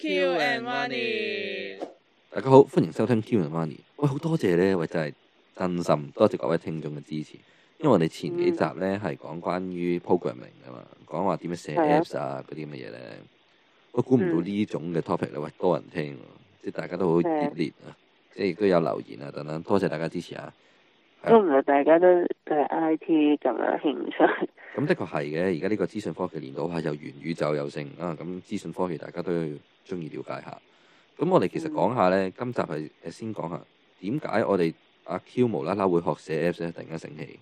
Q and Money，大家好，歡迎收聽 Q and Money 喂。喂，好多謝呢位真係真心多謝各位聽眾嘅支持。因為我哋前幾集呢係、嗯、講關於 programming 啊嘛，講話點樣寫 apps 啊嗰啲咁嘅嘢，呢我估唔到呢種嘅 topic 咧、嗯、喂多人聽，即係大家都好熱烈啊，即係亦都有留言啊等等，多謝大家支持啊。都唔係大家都對 IT 咁有興趣。咁 的確係嘅，而家呢個資訊科技年代，又元宇宙又盛啊，咁資訊科技大家都。中意了解下，咁我哋其實講下咧，嗯、今集係誒先講下點解我哋阿 Q 無啦啦會學寫 Apps 咧，突然間醒起，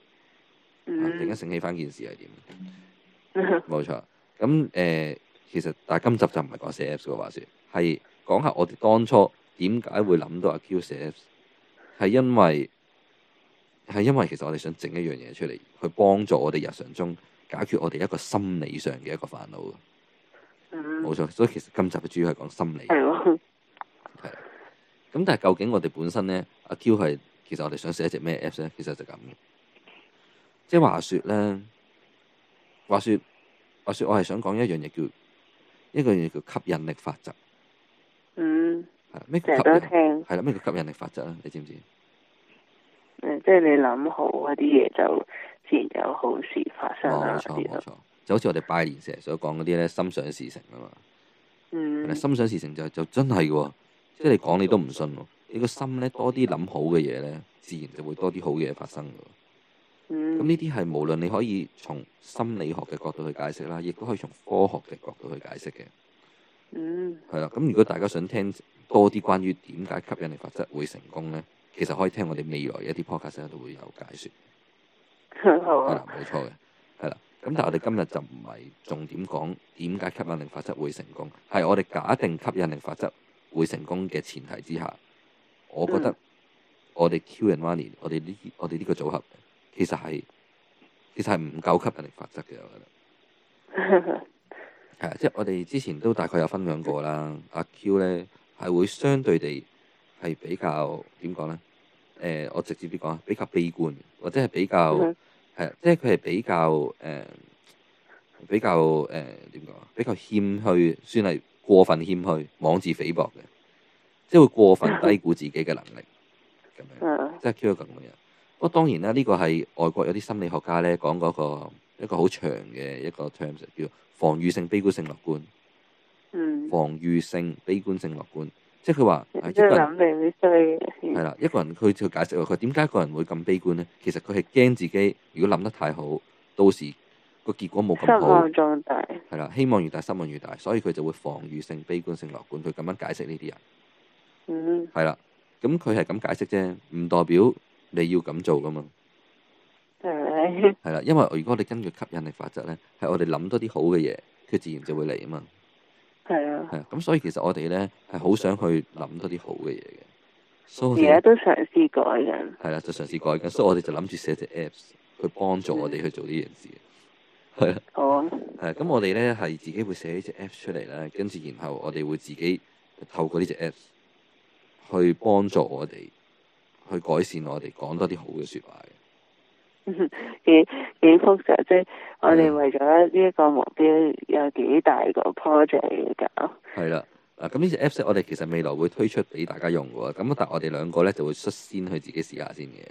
嗯、突然間醒起翻件事係點？冇錯、嗯。咁誒、呃，其實但係今集就唔係講寫 Apps 嘅話說，係講下我哋當初點解會諗到阿 Q 寫 Apps 係因為係因為其實我哋想整一樣嘢出嚟，去幫助我哋日常中解決我哋一個心理上嘅一個煩惱。冇錯、嗯，所以其實今集主要係講心理，係啦的。咁但係究竟我哋本身咧，阿 Q 係其實我哋想寫一隻咩 app 咧？其實就咁嘅。即係話說咧，話說，話說我係想講一樣嘢叫，一樣嘢叫吸引力法則。嗯。係咩？成日都聽。係啦，咩叫吸引力法則啊？你知唔知？誒，即係你諗好嗰啲嘢，就自然有好事發生啦。冇錯，冇錯。就好似我哋拜年成日所講嗰啲咧，心想事成啊嘛。嗯。心想事成就就真係嘅啊，即係你講你都唔信啊。你個心咧多啲諗好嘅嘢咧，自然就會多啲好嘢發生。嗯。咁呢啲係無論你可以從心理學嘅角度去解釋啦，亦都可以從科學嘅角度去解釋嘅。嗯。係啦，咁如果大家想聽多啲關於點解吸引力法則會成功咧，其實可以聽我哋未來一啲 podcast 都會有解說。好啊。係啦，冇錯嘅，係啦。咁但係我哋今日就唔係重點講點解吸引力法則會成功，係我哋假定吸引力法則會成功嘅前提之下，我覺得我哋 Q and Money，我哋呢我哋呢個組合，其實係其實係唔夠吸引力法則嘅，我覺得。係啊， 即係我哋之前都大概有分享過啦。阿 Q 咧係會相對地係比較點講咧？誒、呃，我直接啲講啊，比較悲觀，或者係比較。 係，即係佢係比較誒、嗯，比較誒，點、嗯、講？比較謙虛，算係過分謙虛，妄自菲薄嘅，即係會過分低估自己嘅能力咁樣，即係 cue 咁嘅樣。不過當然啦，呢個係外國有啲心理學家咧講嗰個一個好長嘅一個,個 terms 叫防御性悲觀性樂觀，嗯、防御性悲觀性樂觀。即係佢話，即係諗嚟會衰嘅。係啦，一個人佢就解釋話，佢點解一個人會咁悲觀咧？其實佢係驚自己，如果諗得太好，到時個結果冇咁好。希望越大，係啦，希望越大，失望越大，所以佢就會防御性悲觀性樂觀，佢咁樣解釋呢啲人。嗯。係啦，咁佢係咁解釋啫，唔代表你要咁做噶嘛。係咪的？係啦，因為如果我哋根據吸引力法則咧，係我哋諗多啲好嘅嘢，佢自然就會嚟啊嘛。係啊，係啊，咁所以其實我哋咧，係好想去諗多啲好嘅嘢嘅，所以而家都嘗試改緊，係啦，就嘗試改緊，所以我哋就諗住寫隻 Apps 去幫助我哋去做呢件事嘅，係啊。好啊。係啊，咁我哋咧，係自己會寫呢隻 Apps 出嚟啦，跟住然後我哋會自己透過呢隻 Apps 去幫助我哋去改善我哋講多啲好嘅說話嘅。幾幾 複雜，即、就、係、是、我哋為咗呢一個目標有幾大個 project 要搞。係啦、嗯，啊咁呢隻 app 我哋其實未來會推出俾大家用嘅，咁但係我哋兩個咧就會率先去自己試下先嘅。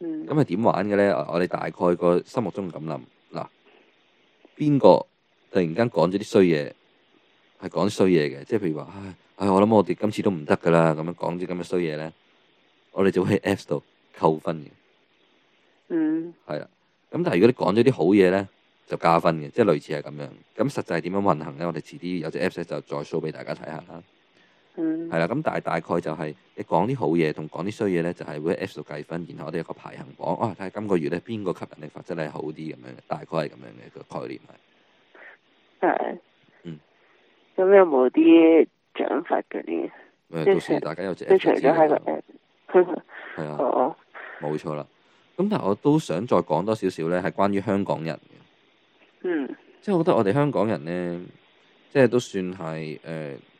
嗯。咁係點玩嘅咧？我哋大概個心目中咁諗，嗱，邊個突然間講咗啲衰嘢，係講衰嘢嘅，即係譬如話，唉唉，我諗我哋今次都唔得噶啦，咁樣講啲咁嘅衰嘢咧，我哋就會喺 app 度扣分嘅。嗯，係啊。咁但係如果你講咗啲好嘢咧，就加分嘅，即係類似係咁樣。咁實際係點樣運行咧？我哋遲啲有隻 app 咧，就再 show 俾大家睇下啦。嗯。係啦，咁但係大概就係、是、你講啲好嘢同講啲衰嘢咧，就係、是、會喺 app 度計分，然後我哋有個排行榜。啊。睇下今個月咧邊個吸引力法則係好啲咁樣，大概係咁樣嘅、個概念。係但。嗯。咁有冇啲獎罰嗰啲？誒，到時大家有隻 app 之後。係除咗 app。係 啊的。哦。冇錯啦。咁但係我都想再講多少少咧，係關於香港人嘅。嗯。即係我覺得我哋香港人咧，即係都算係誒，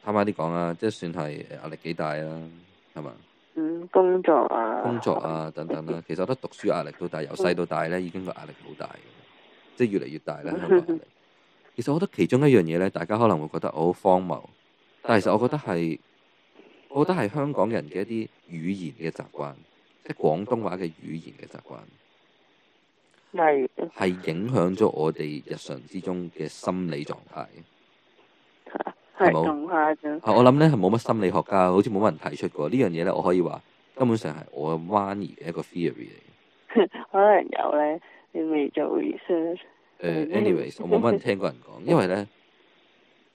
坦白啲講啊，即係算係壓力幾大啦，係嘛？嗯，工作啊。工作啊，等等啦。其實我覺得讀書壓力都大，由細到大咧已經個壓力好大，即係越嚟越大咧。嗯。香港人。其實我覺得其中一樣嘢咧，大家可能會覺得我好荒謬，但係其實我覺得係，我覺得係香港人嘅一啲語言嘅習慣。即係廣東話嘅語言嘅習慣，係係影響咗我哋日常之中嘅心理狀態，係冇嚇。吧我諗咧係冇乜心理學家，好似冇乜人提出過呢樣嘢咧。我可以話根本上係我嘅彎而嘅一個 theory 嚟。可能有咧，你未做 research。誒、uh,，anyways， 我冇乜人聽過人講，因為咧，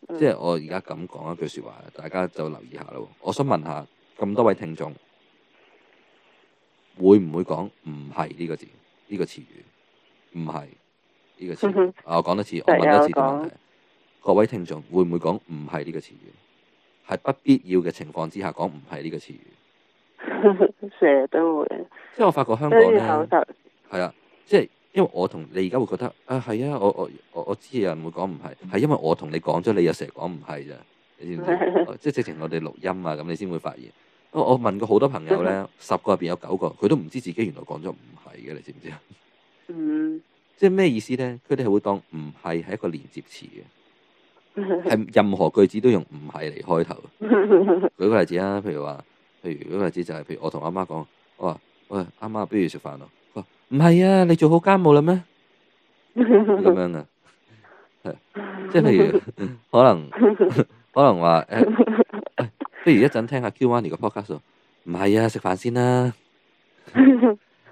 嗯、即係我而家咁講一句説話，大家就留意下咯。我想問下咁多位聽眾。會唔會講唔係呢個字？呢、呢個詞語唔係呢個詞啊！我講多、嗯、哼次，我問多次的問題，各位聽眾會唔會講唔係呢個詞語？係不必要嘅情況之下講唔係呢個詞語，成日 都會。即係我發覺香港咧，係啊，即係因為我同你而家會覺得啊，係啊，我我我我知有人會講唔係，係因為我同你講咗，你又成日講唔係咋？你知唔知？ 即係直情我哋錄音啊，咁你先會發現。我我問過好多朋友咧，十個入邊有九個，佢都唔知自己原來講咗唔係嘅，你知唔知啊？嗯，即係咩意思咧？佢哋係會當唔係係一個連接詞嘅，係任何句子都用唔係嚟開頭。 舉個例子啊，譬如話，譬如舉個例子就係譬如我同阿媽講，我、哦、話喂，阿媽，媽，不如食飯咯。佢話唔係啊，你做好家務啦咩？咁 樣啊，係即係譬如可能可能話誒。呃不如一陣聽下 Qanny 個 podcast，唔係啊，食飯先啦。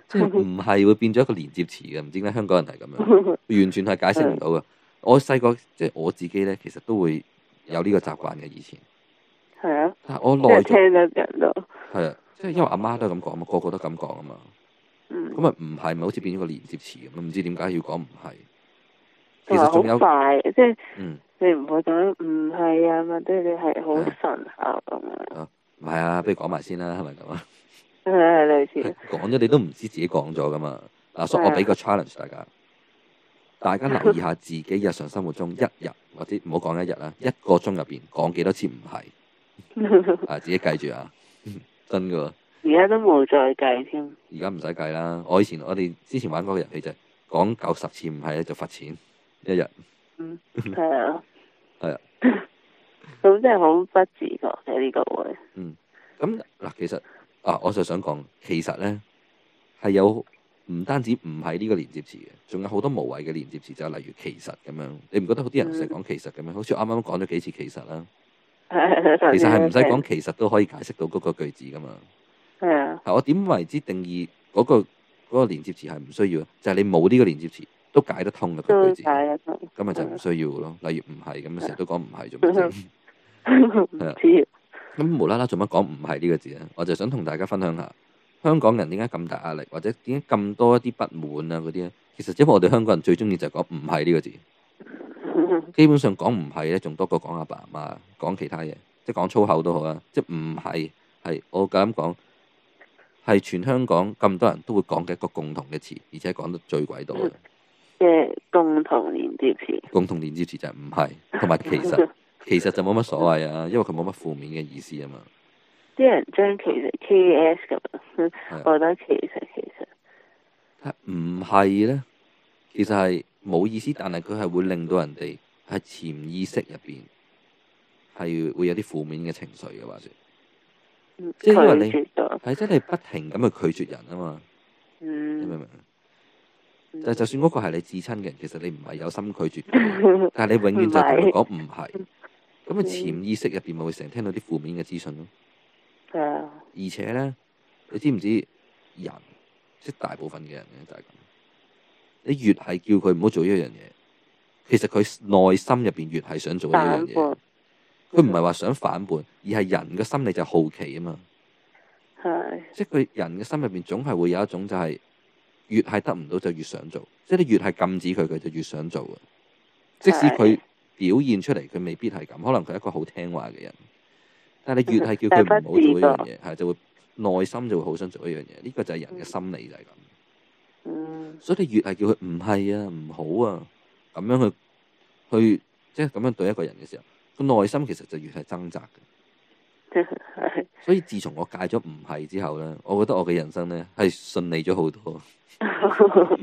即係唔係會變咗一個連接詞嘅？唔知點解香港人係咁樣，完全係解釋唔到嘅。的我細個即係我自己咧，其實都會有呢個習慣嘅以前。係啊的。我內聽人。即係人就咯。係啊，即係因為阿媽，媽都係咁講嘛，個個都咁講啊嘛。嗯。咁啊唔係，咪好似變咗個連接詞咁唔知點解要講唔係。其實好快，即係。嗯。你唔會講唔係啊，或者你係好神效咁啊？哦、啊，唔係啊，不如講埋先啦，係咪咁啊？係，係類似。講咗你都唔知自己講咗噶嘛。阿叔，我俾個 challenge 大家，大家留意下自己日常生活中一日，或者唔好講一日啦，一個鐘入邊講幾多次唔係？啊， 自己計住啊，真噶。而家都冇再計添。而家唔使計啦，我以前我哋之前玩嗰個遊戲就係講九十次唔係咧就罰錢一日。嗯，係啊。 係啊，咁真係好不自覺嘅呢個會。嗯，咁嗱，其實啊，我就想講，其實咧係有唔單止唔係呢個連接詞嘅，仲有好多無謂嘅連接詞，就係例如其實咁樣。你唔覺得好啲人成日講其實咁樣？嗯、好似啱啱講咗幾次其實啦。 其實係唔使講其實都可以解釋到嗰個句子噶嘛。係啊、嗯。係我點為之定義嗰、嗰個嗰、嗰個連接詞係唔需要嘅？就係、係、你冇呢個連接詞。都解得通嘅個句子，咁咪就唔需要咯。嗯、例如唔係咁，成日都講唔係，做咩？咁無啦啦，做乜講唔係呢個字咧？我就想同大家分享下香港人點解咁大壓力，或者點解咁多一啲不滿啊嗰啲咧？其實只不過我哋香港人最中意就係講唔係呢個字，嗯嗯、基本上講唔係咧，仲多過講阿爸阿媽講其他嘢，即係講粗口都好啊。即係唔係係我咁講係全香港咁多人都會講嘅一個共同嘅詞，而且講得最鬼多嘅。嗯即嘅共同連接詞，共同連接詞就唔係，同埋其實 其實就冇乜所謂啊， 因為佢冇乜負面嘅意思啊嘛。啲人將其實 K S 咁， 的 我覺得其實其實唔係咧，其實係冇意思，但係佢係會令到人哋喺潛意識入邊係會有啲負面嘅情緒嘅，或者即係因為你係真係不停咁去拒絕人啊嘛，嗯、你明唔明？但就算嗰個係你至親嘅人，其實你唔係有心拒絕， 是但係你永遠就同佢講唔係，咁佢潛意識入邊咪會成日聽到啲負面嘅資訊咯。係啊的。而且咧，你知唔知人，即係大部分嘅人咧就係咁，你越係叫佢唔好做呢一樣嘢，其實佢內心入邊越係想做呢一樣嘢。佢唔係話想反叛，而係人嘅心理就好奇啊嘛。係的。即係佢人嘅心入邊總係會有一種就係、是。越係得唔到，就越想做。即係你越係禁止佢，佢就越想做。即使佢表現出嚟，佢未必係咁，可能佢係一個好聽話嘅人。但係你越係叫佢唔好做呢樣嘢，係就會內心就會好想做一樣嘢。呢、呢個就係人嘅心理就係咁。所以你越係叫佢唔係啊，唔好啊，咁樣去去，即係咁樣對一個人嘅時候，佢內心其實就越係掙扎嘅。 所以自從我戒咗唔係之後咧，我覺得我嘅人生咧係順利咗好多，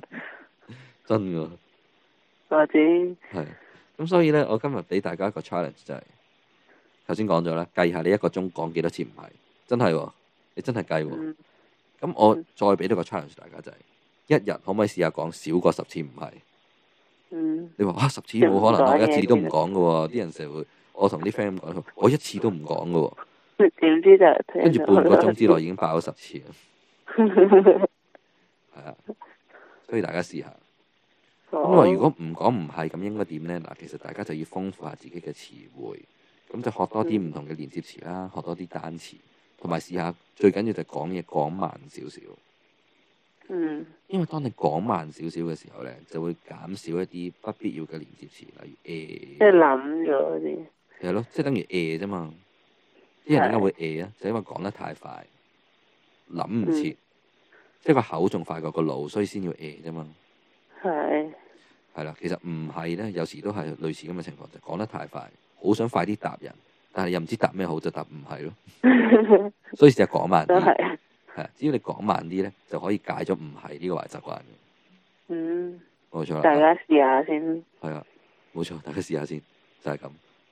真嘅多謝係。咁 者所以咧，我今日俾大家一個 challenge 就係、是，頭先講咗啦，計下你一個鐘講幾多次唔係，真係、哦、你真係計、哦。咁 我再俾多個 challenge 大家就係、是，一日可唔可以試下講少過十次唔係？ 嗯，你話哇十次冇、哦、可能我 我，我一次都唔講嘅喎。啲人成日會，我同啲 friend 講，我一次都唔講嘅喎。點知就跟住半個鐘之內已經爆咗十次啦，係啊，所以大家試下。因爲的如果唔講唔係咁，應該點咧？嗱，其實大家就要豐富下自己嘅詞彙，咁就學多啲唔同嘅連接詞啦，嗯、學多啲單詞，同埋試下最緊要就講嘢講慢少少。嗯。因爲當你講慢少少嘅時候咧，就會減少一啲不必要嘅連接詞，例如誒。即係諗咗啲。係咯，即係、就是、等於誒啫嘛。欸啲人點解會誒啊、欸？就因為講得太快，諗唔切，嗯、即係個口仲快過個腦，所以先要誒啫嘛。係、欸。係啦的，其實唔係咧，有時都係類似咁嘅情況，就講、是、得太快，好想快啲答人，但係又唔知答咩好，就答唔係咯。 所以成日講慢啲。都係。係，只要你講慢啲咧，就可以解咗唔係呢個壞習慣嘅。嗯。冇錯啦大試錯。大家試下先。係啊，冇錯，大家試下先，就係、是、咁。